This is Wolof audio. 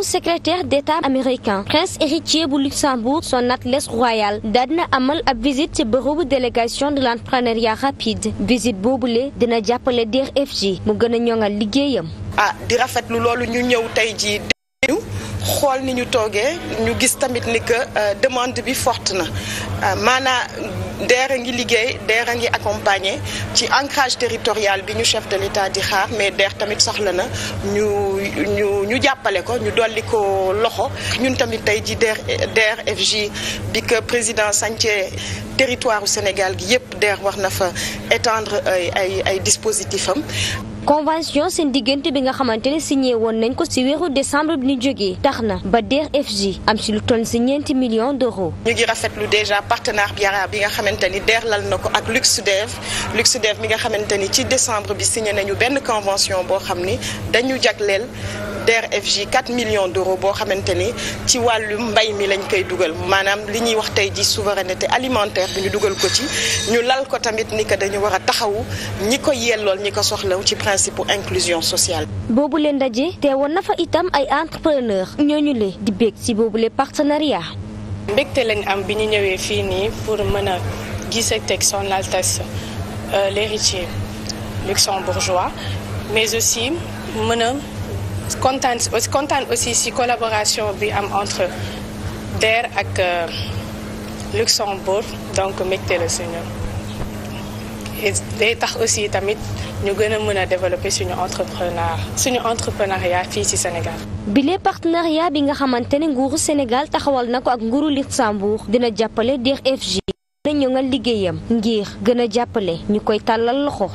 ginnaaw secrétaire d'état américain prince héritier bu Luxembourg son atlas royal daan na amal ab visite ci bërëbu délégation de l'entrepreneuriat rapide visite boobule dina jàppale DER/FJ mu gën a ñoŋal liggéeyam. ah di rafetlu loolu ñu ñëw tey ji xool ni ñu toogee ñu gis tamit ni que euh, demande bi forte na euh, maanaa DER a ngi liggéey DER a ngi accompagner ci ancrage territorial bi ñu chef de l'État di xaar mais DER tamit soxla na ñu ñu ñu jàppale ko ñu dolli ko loxo ñun tamit tey ji DER DER FJ bi que président Santé territoire u Sénégal gi yëpp DER wax na fa étendre ay ay ay am convention seen diggante bi nga xamante ne signé woon nañ ko ci weeru décembre bi ñu jógee tax na ba DER/FJ am ci lu toll ci ñeenti millions d'euros. ñu ngi rafetlu déjà partenariat bi nga xamante ni DER lal na ko ak Luxudev Luxudev bi nga xamante ni ci décembre bi signé nañu benn convention boo xam ni dañu jagleel. DER/FJ 4 million d'euros boo xamante ni ci wàllum mbay mi lañ koy dugal maanaam li ñuy wax tey ji souveraineté alimentaire bi ñu dugal ko ci ñu lal ko tamit ni que dañu war a taxawu ñi ko yellool ñi ko soxlaw ci principe inclusion sociale. boobu leen ndaje teewoon na fa itam ay entrepreneur ñooñu le di bég ci boobu le partenariat. mbégte lañ am bi ñu ñëwee fii nii pour mën a gise teg son altesse euh, l'héritier luxembourgeois mais aussi mën a kontaan kontaan aussi si collaboration bi am entre DER ak euh, Luxembourg donc mbégte la si et day tax aussi tamit ñu gën a mën a développer suñu entrepreneur suñu entrepreneuriat fii ci Sénégal. bile partenariat bi nga xamante ne nguuru Sénégal taxawal na ko ak nguru nguuru Luxembourg dina jàppale DER/FJ. dina ñëw nga liggéeyam ngir gën a jàppale ñu koy tàllal loxo.